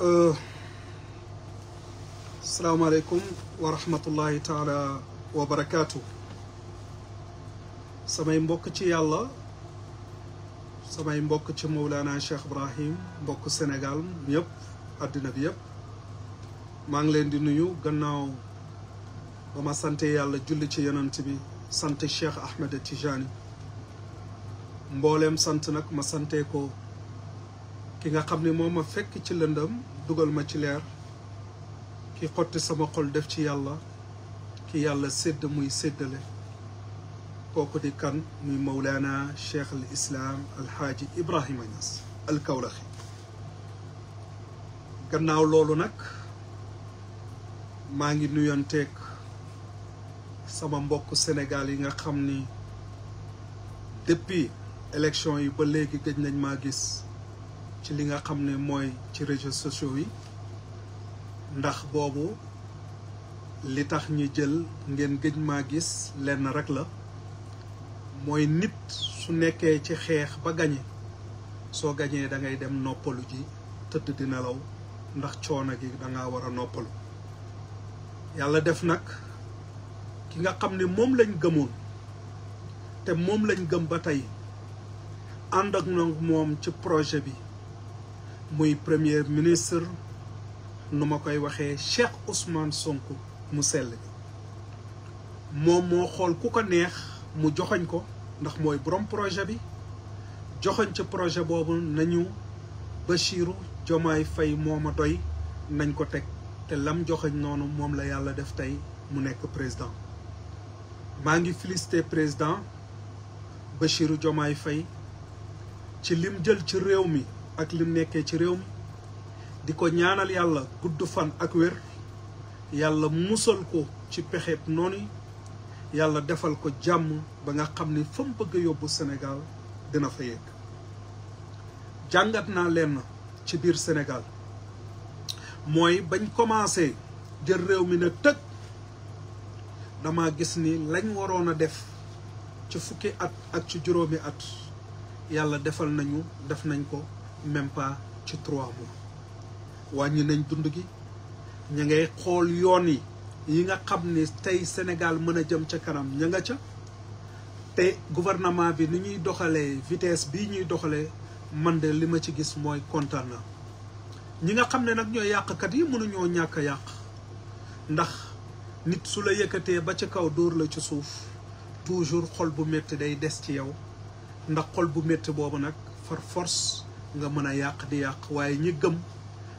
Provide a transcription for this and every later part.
Uh, asalaamaaleykum wa rahmatullahi taala wa samay mbokk ci yàlla samay mbokk ci Mawlana Cheikh Ibrahim mbokk Sénégal yëpp àddina bi yëpp maa ngi leen di nuyu gannaaw ba ma sant yàlla julli ci yonent bi sant Cheikh Ahmed Tijani mbooleem sant nag ma sante ko ki nga xam ni moo ma fekk ci lëndam dugal ma ci leer ki xotti sama xol def ci yàlla ki yàlla sédd muy séddale kooku di kan muy mawlaana cheikh al islaam alxaaji ibrahima ñas al kawlaxi gannaaw loolu nag maa ngi nuyonteeg sama mbokk sénégal yi nga xam ni depuis élection yi ba léegi gëj nañ maa gis ci li nga xam ne mooy ci réseaux sociaux yi ndax boobu li tax ñu jël ngeen géej maa gis lenn rek la mooy nit su nekkee ci xeex ba gañe soo gañee da ngay dem noppalu ji tëdd di nelaw ndax coono gi danga ngaa war a noppalu yàlla def nag ki nga xam ne moom lañ gëmoon te moom lañ gëm ba tey ànd ak nag moom ci projet bi muy premier ministre nu ma koy waxee Cheikh Ousmane Sonko mu sell bi moom moo xool ku ko neex mu joxoñ ko ndax mooy borom projet bi joxoñ ca projet boobu nañu Bassirou jomaay fay moo ma doy nañ ko teg te lam joxoñ noonu moom la yàlla def tey mu nekk président maa ngi filiste président Bassirou Diomaye fay ci lim jël ci réew mi ak lu nekkee ci réew mi di ko ñaanal yàlla gudd fan ak wér yàlla musal ko ci pexeeb noonu yàlla defal ko jàmm ba nga xam ni fa bëgg yóbbu Sénégal dina fa yegg jàngat naa leen ci biir senegal mooy bañ commencé jël réew mi na tëg dama gis ni lañ waroon a def ci fukki at ak ci juróomi at yàlla defal nañu def nañ ko même pas ci trois mois wàññi nañ dund gi ña ngay xool yoon yi yi nga xam ne tey Sénégal mën a jëm ca kanam ña nga ca te gouvernement bi ni ñuy doxalee vitesse bii ñuy doxalee man de li ma ci gis mooy kontaan na ñi nga xam ne nag ñooy yàqkat yi mënuñoo ñàkk yàq ndax nit su la yëkkatee ba ca kaw dóor la ci suuf toujours xol bu métti day des ci yow ndax xol bu métti boobu nag far force nga mën a yàq di yàq waaye ñi gëm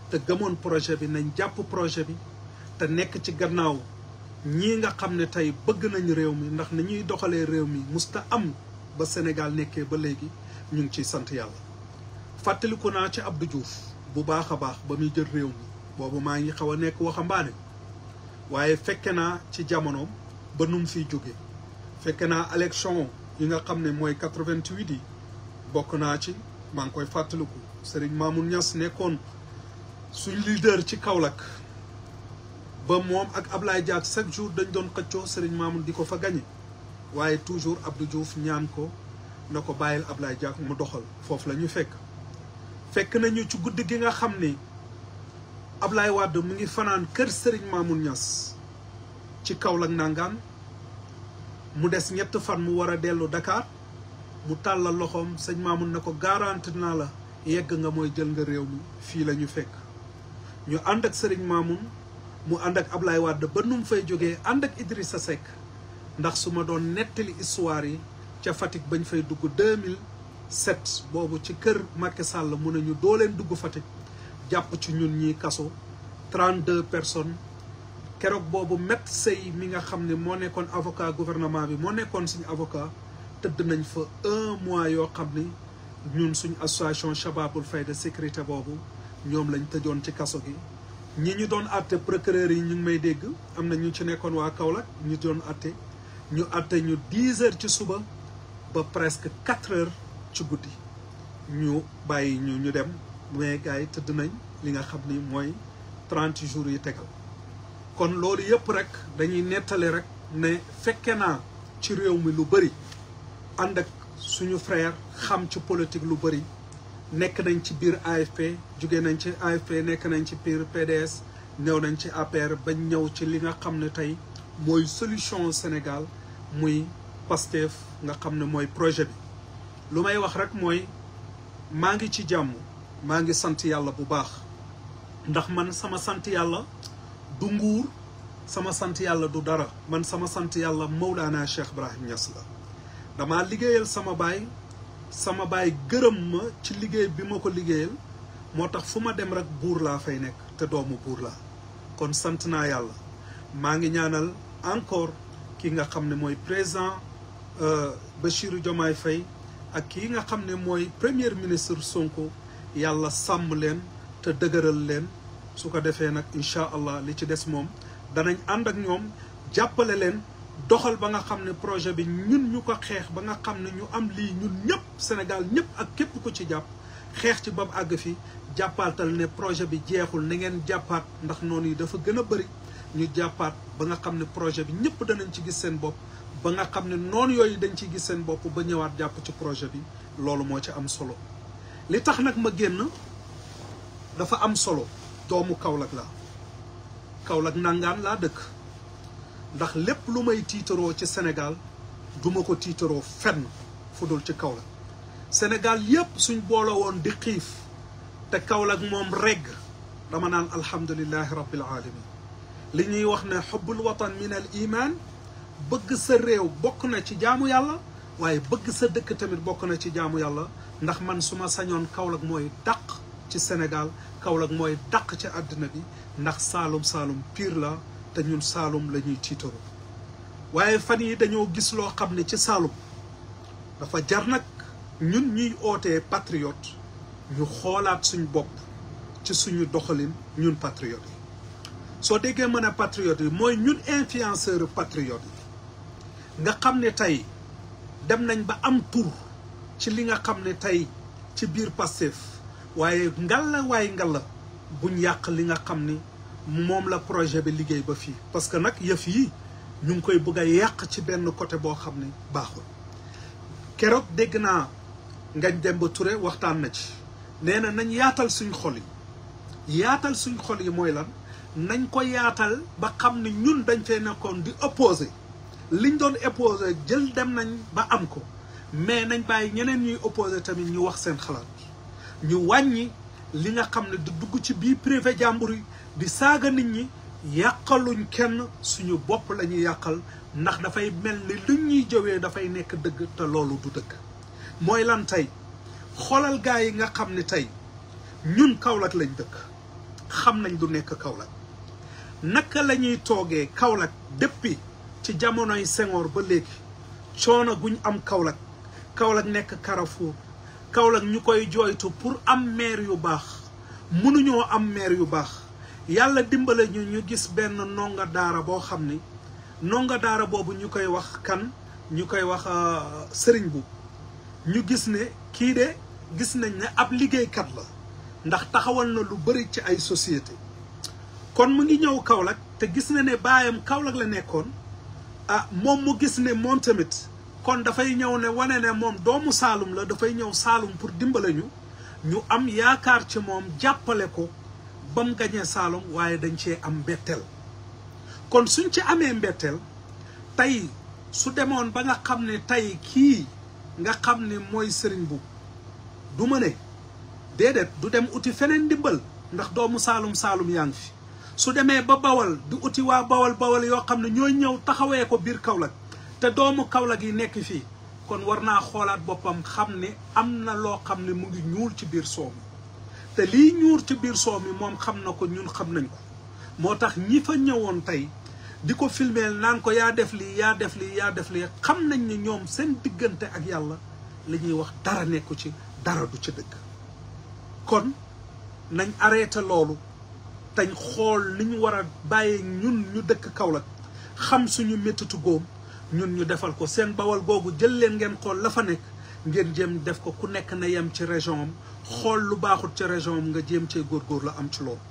te gëmoon projet bi nañ jàpp projet bi te nekk ci gannaaw ñii nga xam ne tey bëgg nañ réew mi ndax ni ñuy doxalee réew mi musta am ba Sénégal nekkee ba léegi ñu ngi ciy sant yàlla fàttaliku naa ci Abdou Diouf bu baax a baax ba muy jël réew mi boobu maa ngi xaw a nekk waxambaane waaye fekke naa ci jamonoom ba nu mu fiy jóge fekke naa élection yi nga xam ne mooy 88 yi bokk naa ci maa koy fàttaliku Serigne Mamoun Niass nekkoon suñ leader ci Kaolack ba mom ak Ablaye Diak chaque jour dañ doon xëccio Serigne Mamoun diko fa gañe waye toujours Abdou Diouf ñaan ko nako bayil Ablaye Diak mu doxal fofu lañu fekk fekk nañu ci gudd gi nga xamni Ablaye wad mu ngi kër Serigne Mamoun Niass ci Kaolack nangam mu dess ñett fan mu wara delu Dakar mu tàllal loxoom sëñ Mamoun na ko garanti naa la yegg nga mooy jël nga réew mi fii la ñu fekk ñu ànd ak sëriñ Mamoun mu ànd ak Ablaye Wade ba nu mu fay jógee ànd ak sa Seck ndax su ma doon nettali histoire yi ca Fatick bañ fay dugg 2007 boobu ci kër Macky sàll mu ne ñu doo leen dugg Fatick jàpp ci ñun ñiy kaso 32 personnes keroog boobu Maître Sèye mi nga xam ne moo nekkoon avocat gouvernement bi moo nekkoon suñu avocat. tëdd nañ fa un mois yoo xam ni ñun suñ association Shababul Fayda sécurité boobu ñoom lañ tëjoon ci kaso gi ñi ñu doon àtte procureur yi ñu ngi may dégg am na ñu ci nekkoon waa Kaolack ñu doon àtte ñu àtte ñu dix heures ci suba ba presque quatre heures ci guddi ñu bàyyi ñu ñu dem mais gars yi tëdd nañ li nga xam ni mooy trente jours yi tegal kon loolu yëpp rek dañuy nettali rek ne fekke naa ci réew mi lu bëri ànd ak suñu frère xam ci politique lu bëri nekk nañ ci biir AFP jóge nañ ci AFP nekk nañ ci biir PDS ñëw nañ ci APR ba ñëw ci li nga xam ne tey mooy solution Sénégal muy Pastef nga xam ne mooy projet bi lu may wax rek mooy maa ngi ci jàmm maa ngi sant yàlla bu baax ndax man sama sant yàlla du nguur sama sant yàlla du dara man sama sant yàlla Mawlana Cheikh Ibrahim Niass la dama liggéeyal sama baay sama baay gërëm ma ci liggéey bi ma ko liggéeyal moo tax fu ma dem rek buur laa fay nekk te doomu buur laa kon sant naa yàlla maa ngi ñaanal encore kii nga xam ne mooy président euh, Bassirou Diomaye fay ak kii nga xam ne mooy premier ministre Sonko yàlla sàmm leen te dëgëral leen su ko defee nag incha allah li ci des moom danañ ànd ak ñoom jàppale leen doxal ba nga xam ne projet bi ñun ñu ko xeex ba nga xam ne ñu am lii ñun ñëpp Sénégal ñëpp ak képp ko ci jàpp xeex ci ba mu àgg fi jàppaatal ne projet bi jeexul na ngeen jàppaat ndax noonu yi dafa gën a bari ñu jàppaat ba nga xam ne projet bi ñëpp danañ ci gis seen bopp ba nga xam ne noonu yooyu dañ ciy gis seen bopp ba ñëwaat jàpp ci projet bi loolu moo ci am solo li tax nag ma génn dafa am solo doomu Kaolack la Kaolack nangaan laa dëkk ndax lépp lu may tiitaroo ci Sénégal duma ko tiitaroo fenn fudul dul ci Kaolack Sénégal yépp suñ boole woon di xiif te Kaolack moom regg dama naan alhamdulillahi rabbil alamin li ñuy wax ne xubbul watan min al iman bëgg sa réew bokk na ci jaamu yàlla waaye bëgg sa dëkk tamit bokk na ci jaamu yàlla ndax man suma ma sañoon Kaolack mooy dàq ci Sénégal Kaolack mooy dàq ci àddina bi ndax saalum saalum pire la te ñun Saalum la ñuy tiitaru waaye fan yi dañoo gis loo xam ne ci Saalum dafa jar nag ñun ñuy ootee patriote ñu xoolaat suñ bopp ci suñu doxalin ñun patriote yi soo déggee mën a patriote yi mooy ñun influenceur patriote yi nga xam ne tey dem nañ ba am tur ci li nga xam ne tey ci biir Pastef waaye ngalla waaye ngalla buñ yàq li nga xam ni moom la projet bi liggéey ba fii parce que nag yëf yi ñu ngi koy bëgg a yàq ci benn côté boo xam ne baaxul keroog dégg naa dem ba Touré waxtaan na ci nee na nañ yaatal suñ xol yi yaatal suñ xol yi mooy lan nañ ko yaatal ba xam ne ñun dañ fee nekkoon di opposé liñ doon opposé jël dem nañ ba am ko mais nañ bàyyi ñeneen ñuy opposé tamit ñu wax seen xalaat ñu wàññi li nga xam ne di dugg ci biir privé jàmbur yi di saaga nit ñi yàqaluñ kenn suñu bopp la yàqal ndax dafay mel ni luñ ñuy jëwee dafay nekk dëgg te loolu du dëgg mooy lan tey xoolal gaa yi nga xam ni tey ñun Kaolack lañ dëkk xam nañ du nekk Kaolack naka la ñuy toogee Kaolack depuis ci jamonoy sengoor ba léegi coono guñ am Kaolack Kaolack nekk Carrefour Kaolack ñu koy jooytu pour am maire yu baax mënuñoo am meer yu baax yàlla dimbale ñu ñu gis benn ndongo daara boo xam ni ndongo daara boobu ñu koy wax kan ñu koy wax euh, sëriñ bu ñu gis ne kii de gis nañ ne ab liggéeykat la ndax taxawal na lu bari ci ay société kon mu ngi ñëw Kaolack te gis na ne baayam Kaolack la nekkoon a ah, moom mu gis ne moom tamit kon dafay ñëw ne wane ne moom doomu Saalum la dafay ñëw Saalum pour dimbale ñu ñu am yaakaar ci moom jàppale ko bam mu gañee waye waaye dañ cee am bettel kon suñ ci amee mbetteel tay su demoon ba nga xam ne ki kii nga xam ne mooy sëriñ bu du ma ne déedéet du dem uti feneen ndimbal ndax doomu Saalum Saalum yang ngi fi su demee ba bawal di uti waa bawal bawal yoo xam ne ñooy ñëw taxawee ko biir Kaolack te doomu Kaolack yi nekk fii kon war naa xoolaat boppam xam ne am na loo xam ne mu ngi ñuul ci biir soom te lii ñuur ci biir soow mi moom xam na ko ñun xam nañ ko moo tax ñi fa ñëwoon tey di ko filmeel naan ko yaa def lii yaa def lii yaa def lii xam nañ ni ñoom seen diggante ak yàlla la ñuy wax dara nekku ci dara du ci dëkk kon nañ arrêté loolu tañ xool li ñu war a bàyyee ñun ñu dëkk Kaolack xam suñu méttitu góom ñun ñu defal ko seen bawal googu jël leen ngeen xool la fa nekk ngeen jëm def ko ku nekk na yem ci région am xool lu baaxul ci région am nga jéem cee góorgóorlu am ci loolu